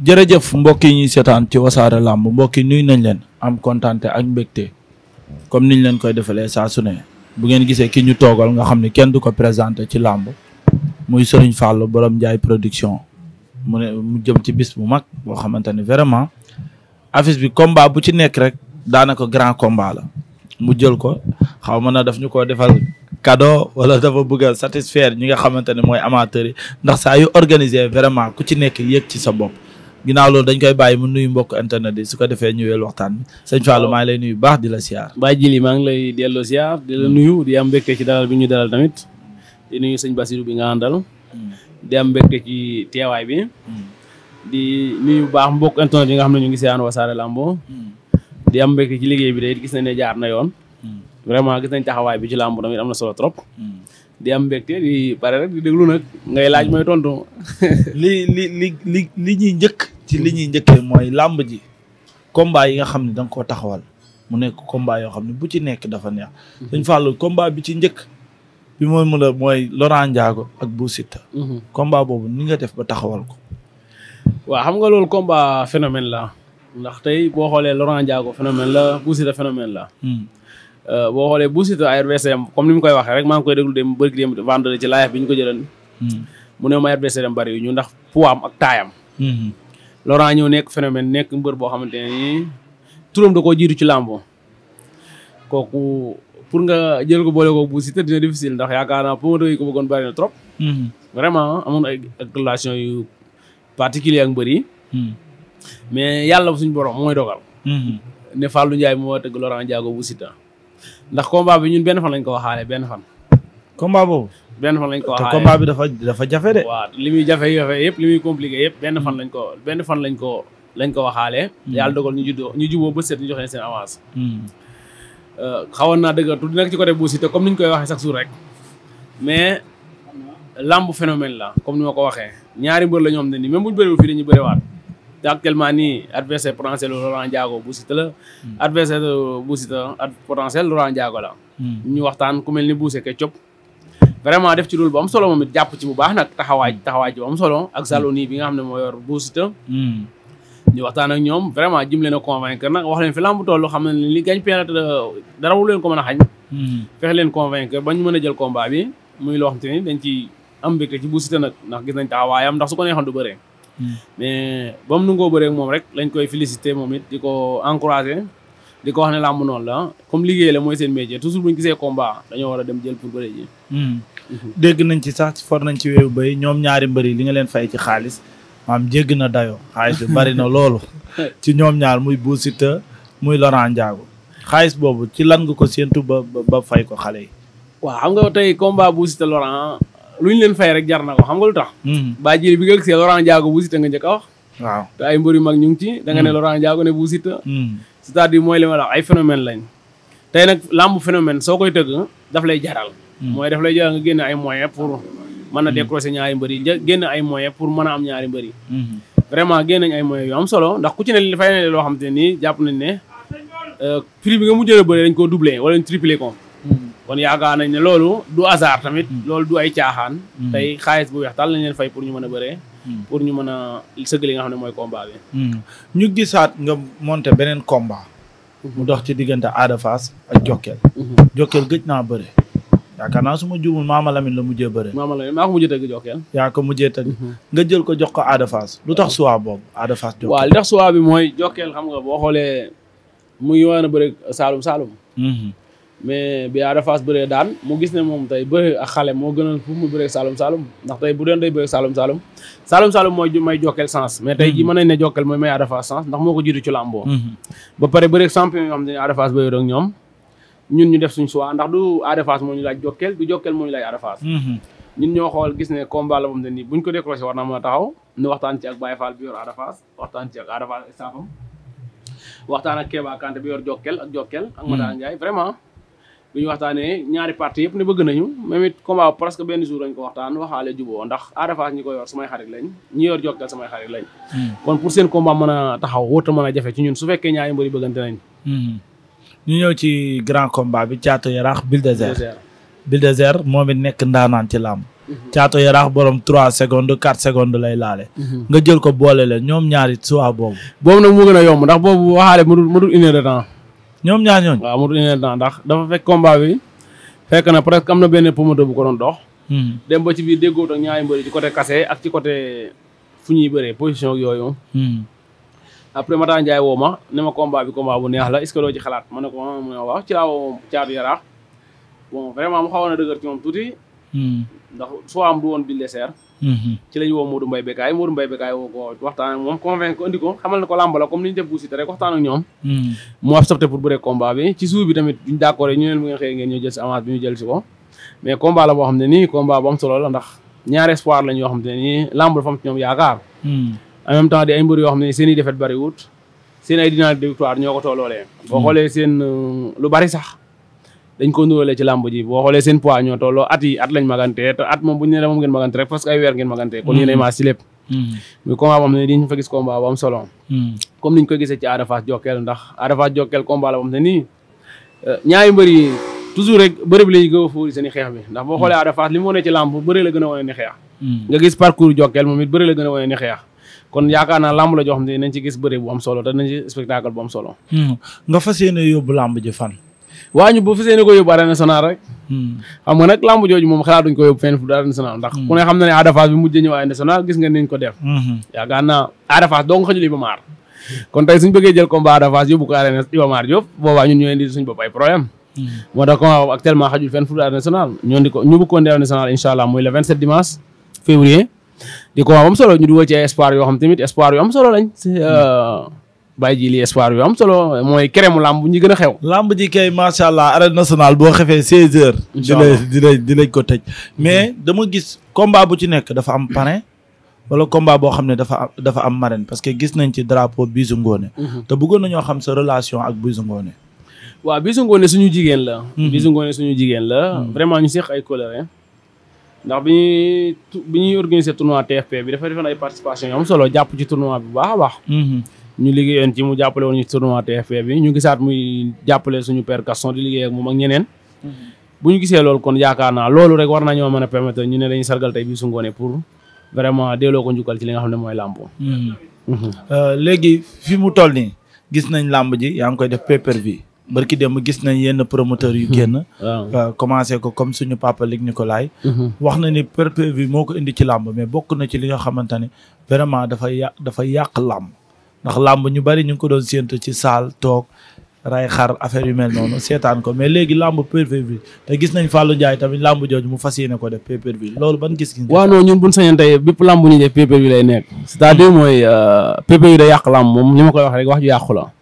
jërëjëf mbokk yi ñuy seetaan ci wasaare làmb mbokk yi nuyu nañ leen am kontaante ak mbégte comme niñ leen koy defalee saa su ne bu ngeen gisee ki ñu toogal nga xam ne kenn du ko présenté ci làmb muy Serigne Fallou borom njaay production mu ne mu jëm ci bis bu mag boo xamante ne vraiment affiche bi combat bu ci nekk rek daanaka grand combat la mu jël ko xaw ma na daf ñu ko defal cadeau wala dafa bëgg a satisfaire ñi nga xamante ne mooy amateurs yi ndax saa yu organiser vraiment ku ci nekk yëg ci sa bopp. ginnaaw loolu dañ koy bàyyi mu nuyu mbokk internet yi su ko defee ñëweel waxtaan sañ sëñ Fallou maa ngi lay nuyu baax di la siyaar baa jili maa ngi lay delloo siyaar di la nuyu di am mbégte ci dalal bi ñu dalal tamit di nuyu sëñ basiru bi nga àndal hmm. di am mbégte ci teewaay bi hmm. di nuyu baax mbokk internet yi nga xam ne ñu ngi siyaan Wassare Lambo hmm. di am mbégte ci liggéey bi day gis na ne jaar na yoon vraiment gis nañ taxawaay bi ci làmb tamit am na solo trop. Hmm. di am mbégte di pare rek di déglu nag ngay laaj mooy tontu. li li li li li ñuy njëkk ci li ñuy njëkkee mooy làmb ji combat yi nga xam ne da nga koo taxawal mu nekk combat yoo xam ne bu ci nekk dafa neex. dañ hmm. fàllu combat bi ci njëkk bi mooy mu la mooy Laurent Ndiago ak Bou Siteu. Hmm. combat boobu ni nga def ba taxawal ko. waaw xam nga loolu combat phénomène la ndax tey boo xoolee Laurent Ndiago phénomène la Bou Siteu phénomène la. Euh, boo xoolee bu Siteu adversaire am comme ni mu koy waxee rek maa ngi koy déglu dem bëri dem vendredi ci live bi ko jëlan hmm. mu ne ma adversaire am bëri yu ñu ndax poids am ak taayam hmm. Laurent ñëw nekk phénomène nekk mbër boo xamante ne nii turam da koo jiitu ci làmbo nga jël ko boole bu Siteu dina difficile ndax yaakaar naa promoteur yi ko bëggoon trop hmm. vraiment amoon yu particulier ak mbër yi mais yàlla suñ borom mooy dogal ne Fallou Ndiaye moo tëgg Laurent Ndiago bu Siteu ndax combat bi ñun benn fan lañ ko waxaale benn fan. combat boobu. benn fan lañ bi dafa dafa jafe de. waaw li muy jafe jafe yëpp li muy compliqué yëpp benn fan lañ ko benn fan lañ ko lañ ko waxaale. Hmm. yàlla dogal ñu juddoo ñu juboo ba seet ñu joxe seen avance. Hmm. Euh, xawoon naa dëgg tuuti nag ci côté Bou Siteu comme ni ñu koy waxee chaque jour rek mais lamb phénomène la comme ni ma ko waxee ñaari mbër la ñoom ne ni même bu ñu bëriwul fii dañuy bëriwaat. actuellement nii adversaire potentiel Laurent Ndiago bu Siteu la. Hmm. adversaire bu Siteu potentiel Laurent Ndiago la. Hmm. ñu waxtaan ku mel ni Bousse ke cop vraiment def ci loolu bu am solo moom it jàpp ci bu baax nag taxawaay hmm. taxawaay bu am solo ak Zaloni bi nga xam ne moo yor bu Siteu. ñu waxtaan ak ñoom vraiment jim leen a convaincre nag wax leen fi lamb toll xam ne li gañ pexe dara wu leen ko mën a xañ. fexe leen convaincre ba mën a jël combat bi muy loo xam te ni dañ ci am mbégte ci bu Siteu nag ndax gis nañ taxawaayam ndax su ko neexoon du bëree. mais ba mu nangoo bëree moom rek lañ koy féliciter moom it di ko encourager di ko wax ne làmb noonu la comme liggéey la mooy seen métier toujours bu ñu gisee combat dañoo war a dem jël pour bëree ji. Hmm. Mhm. dégg nañ ci sax for nañ ci weewu bay ñoom ñaari mbëri li nga leen fay ci xaalis maam jégg na dayo xaalis bi bari na loolu ci ñoom ñaar muy Bou Siteu muy Laurent Ndiago xaalis boobu ci lan nga ko séentu ba ba fay ko xale yi. waaw xam nga tey combat Bou lu ñu leen fay rek jar na ko xam nga lu tax. Hmm. baa jëli bi nga gisee Laurent Diago bu Siteu nga njëkk a wax. waaw te ay mbër yu mag ñu ngi ci. da nga ne hmm. Laurent Diago ne bu Siteu. Hmm. c'est-à-dire mooy li ma la ay phénomène lañ. tey nag lamb phénomène soo koy tëgg daf lay jaral. mooy daf lay jaral nga ay moyens pour mën a décrocher ñaari mbër yi génne ay moyens pour mën a am ñaari mbër yi. vraiment génne nañ ay moyens yu am solo ndax ku ci ne li fay ne loo xam te nii jàpp nañ ne euh, prix bi nga mujjee bëree dañ koo doublé wala ñu triplé ko kon yaakaar nañ ne loolu du hasard tamit. Mm. loolu du ay caaxaan. Mm. tey xaalis bu weex tal lañ leen fay pour ñu man a bëree. Mm. pour ñu mën a sëgg li nga xam ne mooy combat bi. ñu gisaat nga monter beneen combat. Mm-hmm. mu dox ci diggante Ada Fass ak Jokkel. Mm-hmm. Jokkel gëj naa bëre. yaakaar naa su ma juumul Maama Lamine la mujjee bëre. Maama Lamine maa ko mujjee tëgg Jokkel. yaa ko mujjee tëgg. Mm-hmm. nga jël ko jox ko Ada Fass lu tax suwaa boobu Ada Fass Jokkel. waaw li tax suwaa bi mooy Jokkel xam nga boo xoole mu ngi woon a mais bi Ada Fass bëree daan mu gis ne moom tey bëri ak xale moo gënal fu mu bëree Saloum Saloum ndax tey bu doon day bëri Saloum Saloum Saloum Saloum mooy may jokkeel sens mais tey ji mhm. mën nañ ne jokkeel mooy may Ada Fass sens ndax moo ko jiitu ci làmboo mhm. ba pare bëri champion yoo xam ne Ada Fass bëri rek ñoom ñun ñu def suñ choix ndax du Ada Fass moo ñu laaj jokkeel du jokkeel moo ñu laaj Ada Fass mhm. ñun ñoo xool gis ne combat la moom te nii buñ ko décroché war naa mën a taxaw ñu ak Baye Fall bi yor Ada Fass ak Ada Fass staffam vraiment bi ñu waxtaanee ñaari parti yëpp hmm. ñun su fekkee ñaari mbëri bëggante nañ hmm. ñu ñëw ci grand combat bi bill Yarakh Bulldozer Bulldozer moom it nekk ndaanaan ci làmb hmm. Thiatou Yarakh borom trois secondes quatre secondes lay laale nga jël ko boole leen ñoom ñaari suwaa boobu boobu nag mu gën a yomb ndax boobu waxaale mu dul une ñoom ñaar ñooñu. waaw amatuñu leen temps ndax dafa fekk combat fekk na presque am na benn promoteur bu ko doon dox. Hmm. dem ba ci biir déggoo ak ñaari mbëri ci côté kase ak ci côté fu ñuy bëree position yooyu. Hmm. après Mata Ndiaye woo ma ne ma combat bi bu neex la est-ce que doo ci xalaat ma ne ko ah, ma ne wax ci laa woo caatu yaraax bon vraiment mu xawoon a dëgër ci moom tuuti. Hmm. soo am du woon bi leser Mm-hmm. ci lañ woo Modou Mbaye Bécaye Modou Mbaye Bécaye woo ko waxtaan moom convaincre ko indi xamal ne ko làmb la comme ni ñu def buusite rek waxtaan ak ñoom mm-hmm. mu accepté pour bëre combat bi ci suuf bi tamit duñ d'accord ñu leen mu ngeen xëyee ngeen ñoo jël si bi ñu jël ko mais combat la boo xam ne nii combat bu solo la ndax ñaari espoir lañ yoo xam ne nii làmb la ñoom yaakaar mm-hmm. en même ay mbër yoo xam ne seen i defet bari seen ay dinaa de victoire dañ ko nuwalee ci làmb ji boo xoolee seen poids ñoo tolloo at yi at lañ magantee at moom bu ñu ne moom ngeen magante rek parce que ay weer ngeen magantee kon yéen ay mm-hmm. maas mm-hmm. boo xam ne diñ fa gis combat bu am solo mm-hmm. comme niñ ko gisee ci Ada Fass ndax Ada Fass Jokkel combat la boo xam ne euh, toujours rek bëri bi lañu a fóori seen i xeex bi ndax boo xoolee Ada Fass li ci làmb bëri la gën a wane ni xeex nga gis parcours Jokkel moom it bëri la gën a wane ni xeex kon yaakaar naa làmb waañu boo fas yéene ko yóbbu arène nationale rek. Hmm. xam nga nag lamb jooju moom xalaatuñ ko yóbbu fenn fu arène nationale ndax hmm. ku ne xam na ne Ada Fass bi mujjee ñëw arène nationale gis nga niñ ko def. Hmm. yaakaar naa Ada Fass doo nga xajul Iba fu ñoo di ko ñu bëgg ko arène nationale incha allah muy le 27 dimanche février di combat mu solo ñu dugal ci espoir yoo xam tamit espoir yu am solo lañ euh, bàyyi ji li espoir yu am solo mooy keremu làmb ñi gën a xew. làmb ji kay macha allah arène nationale boo xefee seize heures. incha allah dinañ dinañ ko tëj. mais dama gis combat bu ci nekk dafa am parrain. wala combat boo xam ne dafa am dafa am marraine parce que gis nañ ci drapeau Bijou Ngoné. Mhm. te bëggoon nañoo xam sa relation ak Bijou Ngoné. waaw Bijou ngoone suñu jigéen la. Mhm. Bijou ngoone suñu jigéen la. Mhm. vraiment ñu seq ay colère ndax bi ñuy bi ñuy organiser tournoi TFP bi dafa defoon ay participation yu am solo jàpp ci bu baax ñu liggéeyoon ci mu jàppale woon ñu tournoi TFP bi ñu gisaat muy jàppale suñu per Gaston di liggéey ak moom ak ñeneen. Mm-hmm. bu ñu gisee loolu kon yaakaar naa loolu rek war nañoo mën a permettre ñu ne dañuy sargal tey bii su ngoonee pour vraiment delloo ko njukkal ci li nga xam ne mooy làmb. Mm-hmm. Mm-hmm. Euh, léegi fi mu toll nii gis nañ làmb ji yaa ngi koy def pay-per-view barki dem gis nañ yenn promoteur yu génn. waaw euh, commencé ko comme suñu papa Luc Nicolaï. wax na ni pay-per-view moo ko indi ci làmb mais bokk na ci li nga xamante ne vraiment dafa yàq yàq làmb. ndax làmb ñu bari ñu ko doon séentu ci saal toog ray xar affaire yu mel noonu seetaan ko mais léegi làmb pay-per-view bi te gis nañ Fallou tamit làmb jooju mu fas yéene ko def pay-per-view loolu ban gis-gis. waaw non ñun bu ñu sañoon tey bépp làmb bu def pay lay nekk. cest mm. mooy euh, pay-per-view yàq làmb moom ñu ma koy wax rek wax ju yàqu la.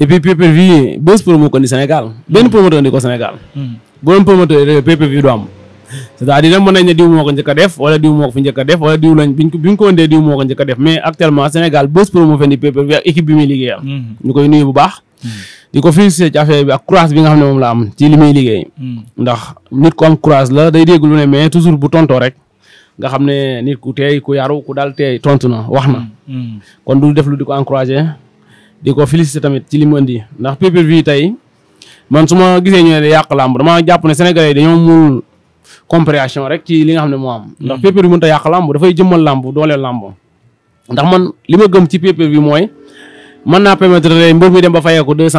et puis pay-per-view yi bés promo ko ni Sénégal benn mm. promoteur indi ko Sénégal. Mm. bu doon promoteur yi du cest à da mën nañ ne diw moo ko njëkk a def wala diw moo ko fi njëkk a def wala diw lañ biñ ko a mais actuellement Sénégal Buzz Pro fendi PPV ak équipe bi muy liggéeyal mm-hmm. ñu koy nuyu bu baax mm-hmm. di ko félicité ci affaire bi nga xam ne moom la ci li liggéey mm-hmm. ndax nit ku am courage la day dégg lu mais bu tontoo rek nga xam ne nit ku teey ku yaru ku dal teey tontu na wax na kon du def lu di ko encouragé di ko félicité tamit ci li mu indi ndax PPV tey man su ma gisee ñu ne yàq làmb compréhension rek ci li nga xam ne moo am. Hmm. ndax pay-per-view mënut yàq làmb dafay jëmmal làmb dooleel làmb ndax man li ma gëm ci pay per mooy mën naa permettre tey dem ba fayeeku deux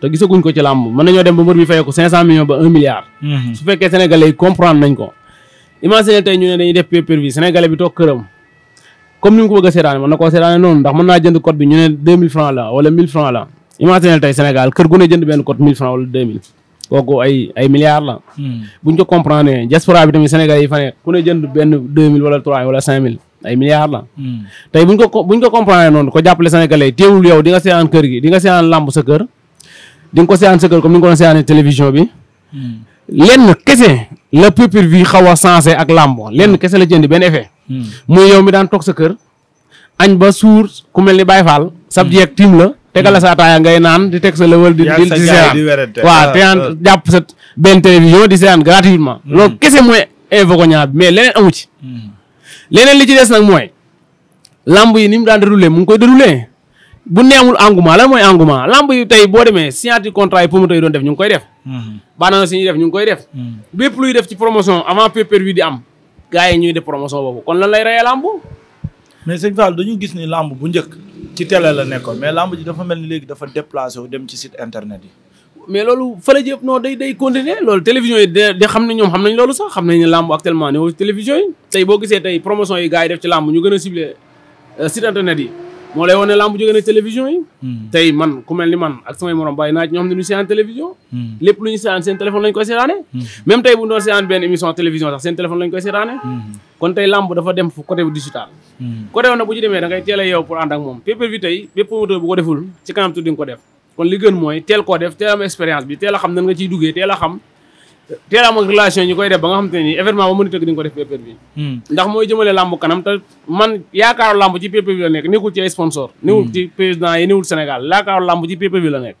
te gisaguñ ko ci làmb mën nañoo dem ba mbër fayeeku cinq ba un milliard. Hmm. su fekkee sénégalais comprendre nañ ko. imagine tey noonu ndax mën naa jënd code bi ñu ne deux mille francs la wala mille francs la imagine tey Sénégal kër gu jënd benn code mille kooku ay ay milliards la. Hmm. bu ñu ko comprendre ne diaspora bi tamit Sénégal yi fa ne ku ne jënd benn deux mille wala trois wala ay milliards la. Hmm. tey bu ñu ko bu ñu ko comprendre noonu ko jàppale sénégalais teewul yow di nga seetaan kër gi di nga seetaan làmb sa kër di nga ko seetaan sa kër comme ni nga télévision bi. Hmm. lenn kese la pupil bi xaw a sensé ak làmb lenn kese la jënd benn effet. muy yow mi daan toog sa kër. añ ba suur ku mel ni Baye Fall. sab jeeg tiim la. tegal la sa ataaya ngay naan di teg sa level di di ah, di seetaan waaw ah. te naan jàpp sa benn télévision di seetaan gratuitement hmm. loolu kese mooy invocognat bi mais leneen amu ci hmm. leneen li ci des nag mooy lamb yi ni mu daan déroulé mu ngi koy déroulé bu neemul engouement la mooy engouement lamb yi tey boo demee signature contrat yi promoteur yi doon def ñu ngi koy def hmm. baanaana si ñuy def ñu ngi koy def bépp luy def ci promotion avant pay-per-view di am gars yi ñuy def promotion boobu kon lan lay reyee lamb mais sëñ Fall dañu gis ni lamb bu njëkk ci télé la nekkoon mais lamb ji dafa mel ni léegi dafa déplacé wu dem ci site internet yi. mais loolu fële jëpp non day day continuer loolu télévision yi tey boo gisee tey promotion yi gars yi def ci lamb ñu gën a ciblé euh, site internet yi moo lay wane lamb jóge na télévision yi. Hmm. tey man ku mel ni man ak samay morom bàyyi naa ñoo xam ne ñu seetaan télévision. Hmm. lépp lu ñu seetaan seen téléphone lañ koy seetaanee. Hmm. même tey bu ñu doon benn émission télévision kon tey làmb dafa dem fu côté bu digital. Hmm. côté woon nag bu demee da ngay teel a yow pour ànd moom pay per tey ko deful ci kanam tuuti ko def. mooy teel koo def teel bi teel xam nan a xam teel a am ak relation ñu def ba nga xam ne événement ba mën a hmm. mooy jëmale làmb kanam te man yaakaaru làmb ci pay per view la nekk nekkul ci ay sponsor hmm. nekkul ci président yi nekkul la nekk.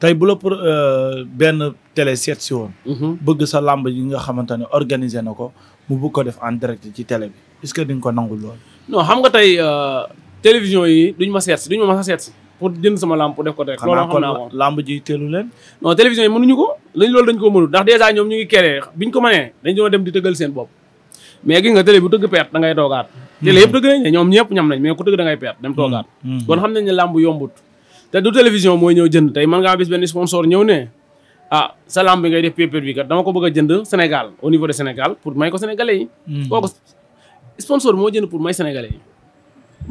tey la pour euh, benn télé seet si woon. Mhm. bëgg sa làmb yi nga xamante ne organiser na ko mu bëgg ko def en direct ci euh, télévision yi duñ ma seet duñ ma mën a seet si pour jënd sama lampe pour def ko direct. loolu xam naa ko lamb ji teelu leen. non télévision yi mënuñu ko lañ loolu dañ ko mënul ndax déjà ñoom ñu ngi keree biñ ko mënee dañ doon dem di tëggal seen bopp mais gis nga télé bu tëgg perte da ngay hmm. télé yëpp tëgg nañ ñoom ñëpp ñam nañ mais ku tëgg da ngay dem hmm. toogaat. Hmm. kon xam nañ ne lamb yombut te du télévision mooy ñëw jënd tey mën ngaa ah sa lamb bi ngay def pay per dama ko bëgg a jënd Sénégal au niveau de Sénégal pour may ko sénégalais hmm. sponsor moo jënd pour may sénégalais yi.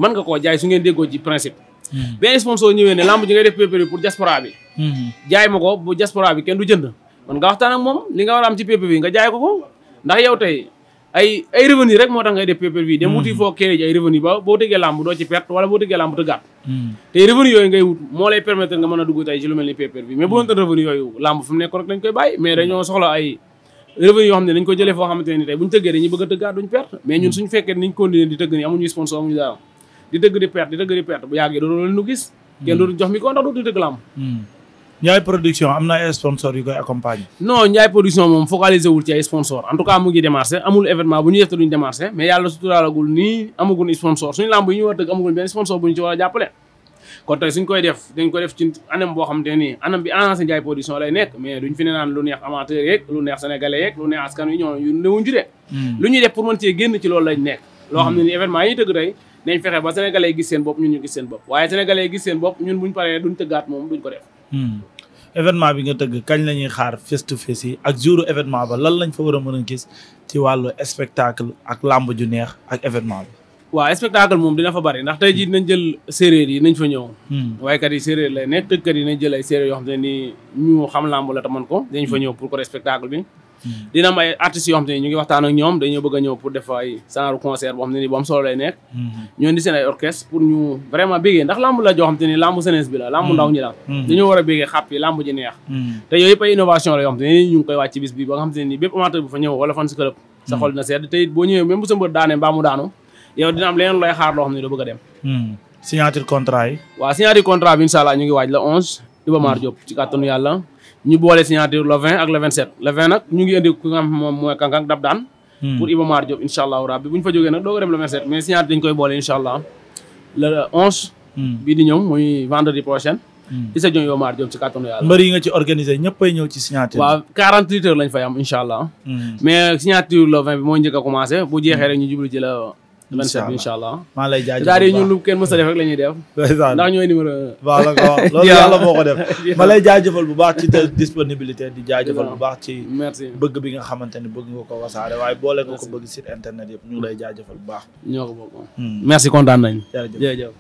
nga koo jaay su ngeen déggoo ci principe. Hmm. benn sponsor ñëwee ne lamb ji ngay def pay per pour diaspora bi. Hmm. jaay ma ko bu diaspora kenn du jënd. man nga waxtaan ak moom li nga war a am ci pay per nga jaay ko ko ndax yow tey ay ay revenu rek moo tax ngay def pay-per-view dem hmm. wuti foo kere ji ay revenu boo tëggee làmb doo ci perte wala boo tëggee làmb tëggaat hmm. tey revenu yooyu ngay wut moo lay permettre nga mën a dugg tey ci lu mel ni pay-per-view mais bu doon yooyu làmb fi mu nekkoon rek koy bàyyi mais dañoo hmm. soxla ay revenu yoo xam ne dañ ko jëlee foo xamante ne ni tey bu ñu tëggee dañuy bëgg a tëggaat duñ perte mais ñun suñu fekkee niñ continuer di tëgg ni amuñu sponsor amuñu Ndiaye production am na ay sponsor yu koy accompagner. non Ndiaye production moom focalisé wul ci ay amul événement bu ñu def te duñu koy def dañ koy def ci anam boo xam te duñ fi ne naan lu neex amateur yeeg lu neex sénégalais yeeg lu neex askan wi ñoo yu newuñ judee hmm. lu ñuy def pour mën cee génn ci loolu lañ nekk loo xam ne ni hmm. événement yi tëgg tey nañ fexe ba sénégalais yi gis seen bopp ñun ñu gis seen bopp waaye sénégalais yi gis seen bopp ñun buñ paree duñ tëggaat moom duñ ko def Hmm. événement bi nga tëgg kañ la ñuy xaar face to face yi ak jouru événement ba lan lañ fa war a mën a gis ci wàllu spectacle ak làmb ju neex ak événement bi. waaw spectacle moom dina fa bari ndax tey jii dinañ jël séeréer yi nañ fa ñëw. Hmm. waykat yi séeréer lay nekk tëggkat yi nañ jël ay séeréer yoo xam ne nii ñu xam làmb la te man ko. dinañ fa ñëw pour ko spectacle bi. dina am ay artistes ñu ngi waxtaan ñoom dañoo bëgg ñëw pour def ay concert boo xam te ni solo lay nekk mm-hmm. ñoo indi seen ay orchestre pour ñu vraiment bégee ndax lamb joo xam te ni lamb jeunesse bi la la mm-hmm. dañoo war a bégee xàppi lamb ji neex mm-hmm. te yooyu yëpp innovation la yoo xam ñu ngi koy wàcc bis bi ba xam te ne ni bépp bu fa ñëw wala fan si club sa xol dina sedd te it boo ñëwee même bu sa mbër mu daanu ñu boole signature le 20 ak le 27 nag ñu ngi indi moom mooy Kankang Dab Daan. Hmm. Iba Mar Diop incha rabbi bu fa jógee nag doo ko dem le 27 mais signature dañ koy boole incha allah le 11. Hmm. di ñëw muy vendredi prochain. Issa hmm. Diop Iba Mar Diop ci kàttanu yàlla. mbër yi nga ci organisé ñëppay ñëw ci signature. waaw 48 heures lañ fay am incha mais signature le 20 bi moo njëkk a commencé bu jeexee ñu jublu ci 27 bi maa lay jaajëfal daal di ñun lu kenn mës a def rek la ñuy def ndax ñooy numéro waaw la ko wax loolu yàlla moo ko def ma lay jaajëfal bu baax ci te disponibilité di jaajëfal bu baax ci bi nga xamante ne bëgg nga ko wasaare waaye boole nga ko bëgg site internet yëpp ñu lay jaajëfal bu baax ñoo ko bokk hmm. merci kontaan nañ